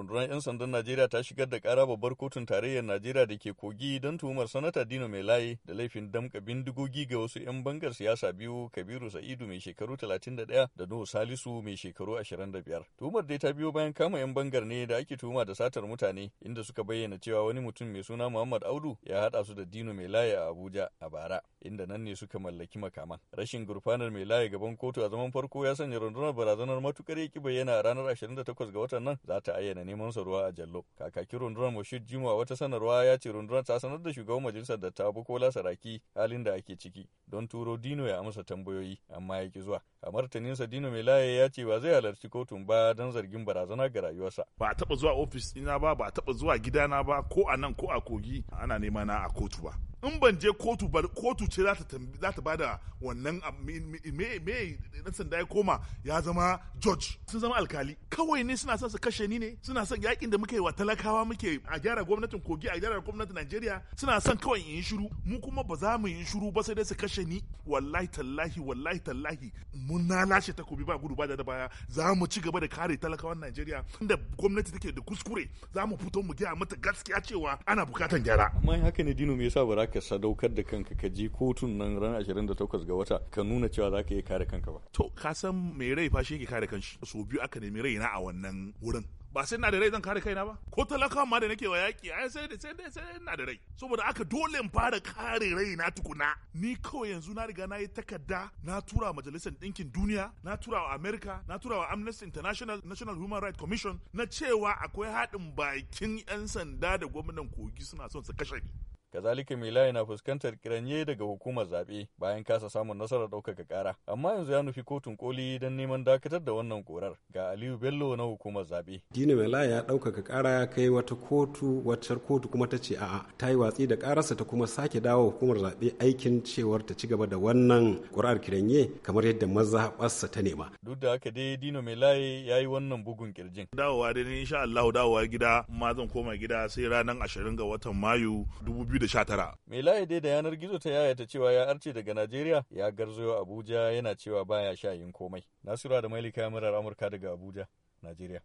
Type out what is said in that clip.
rundunar 'yan sandan Najeriya ta shigar da kara babbar kotun tarayyar Najeriya da ke kogi don tuhumar sanata Dino mai layi da laifin damƙa bindigogi ga wasu 'yan bangar siyasa biyu Kabiru Sa'idu mai shekaru 31 da Nuhu Salisu mai shekaru 25. Tuhumar dai ta biyo bayan kama 'yan bangar ne da ake tuhuma da satar mutane inda suka bayyana cewa wani mutum mai suna Muhammad Audu ya haɗa su da Dino mai layi a Abuja a bara inda nan ne suka mallaki makaman. Rashin gurfanar mai layi gaban kotu a zaman farko ya sanya rundunar barazanar matukar ya ki bayyana ranar 28 ga watan nan za ta ayyana ne. neman sa a Jallo. Kakakin rundunar Moshid Jimo wata sanarwa ya ce rundunar ta sanar da shugaban majalisar da ta Bukola Saraki halin da ake ciki don turo Dino ya amsa tambayoyi amma ya ki zuwa. A sa Dino laye ya ce ba zai halarci kotun ba don zargin barazana ga rayuwarsa. Ba a taɓa zuwa ofis ɗina ba, ba a taɓa zuwa gidana ba, ko a nan ko a kogi ana nema na a kotu ba. in ban je kotu ba kotu ce za ta za ta bada wannan me me dan sanda ya koma ya zama judge sun zama alkali kawai ne suna son su kashe ni ne suna son yakin da muke wa talakawa muke a gyara gwamnatin kogi a gyara gwamnatin Najeriya suna son kawai in shiru mu kuma ba za mu yi shiru ba sai dai su kashe ni wallahi tallahi wallahi tallahi mun na lashe takobi ba gudu ba da baya za mu ci gaba da kare talakawan Najeriya inda gwamnati take da kuskure za mu fito mu gaya mata gaskiya cewa ana bukatan gyara amma haka ne dino me yasa ba ka sadaukar da kanka ka je kotun nan ran 28 ga wata ka nuna cewa za ka iya kare kanka ba to ka san mai rai fa shi yake kare kanshi so biyu aka nemi raina a wannan wurin ba sai na da rai zan kare kaina ba ko talakawa ma da nake wa yaki ai sai da sai da sai na da rai saboda aka dole in fara kare rai na tukuna ni kawai yanzu na riga na yi takarda na tura wa majalisar ɗinkin duniya na tura wa America na tura wa Amnesty International National Human Rights Commission na cewa akwai haɗin bakin 'yan sanda da gwamnan kogi suna son su kashe ni kazalika mila na fuskantar kiranye daga hukumar zaɓe bayan kasa samun nasarar ɗaukaka ƙara amma yanzu ya nufi kotun koli don neman dakatar da wannan korar ga aliyu bello na hukumar zaɓe dina mila ya ɗaukaka ƙara ya kai wata kotu wacce kotu kuma ta ce a'a ta yi watsi da ƙararsa ta kuma sake dawo hukumar zaɓe aikin cewar ta ci gaba da wannan ƙurar kiranye kamar yadda mazaɓarsa ta nema duk da haka dai dino milaya ya yi wannan bugun kirjin dawowa dai insha allahu dawowa gida ma zan koma gida sai ranar ashirin ga watan mayu dubu 2019. Mai la'ide da yanar gizo ta yayata cewa ya arce daga Najeriya ya garzayo Abuja yana cewa baya sha yin komai. Nasiru da Mailika murar Amurka daga Abuja, Najeriya.